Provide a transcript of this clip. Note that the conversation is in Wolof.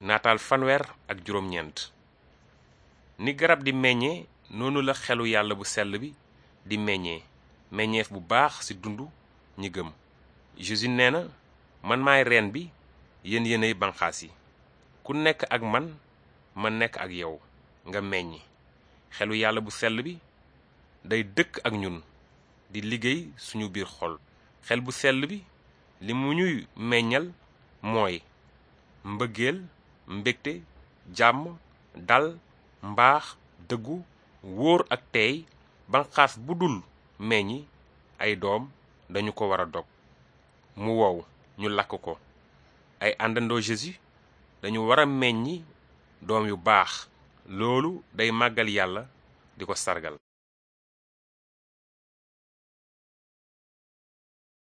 naataal fanweer ak juróom ni garab di meññee noonu la xelu yàlla bu sell bi di meññee meññeef bu baax ci dund ñi gëm Jésus nee na man maay reen bi yéen yéenay banqaas yi ku nekk ak man ma nekk ak yow nga meññi xelu yàlla bu sell bi day dëkk ak ñun di liggéey suñu biir xol xel bu sell bi limu ñuy meññal mooy mbëggeel mbégte jàmm dal mbaax dëggu wóor ak teey banqaas bu dul meññi ay doom dañu ko war a dog mu wow ñu lakk ko ay àndandoo Jésus dañu war a meññi doom yu baax loolu day màggal yàlla di ko sargal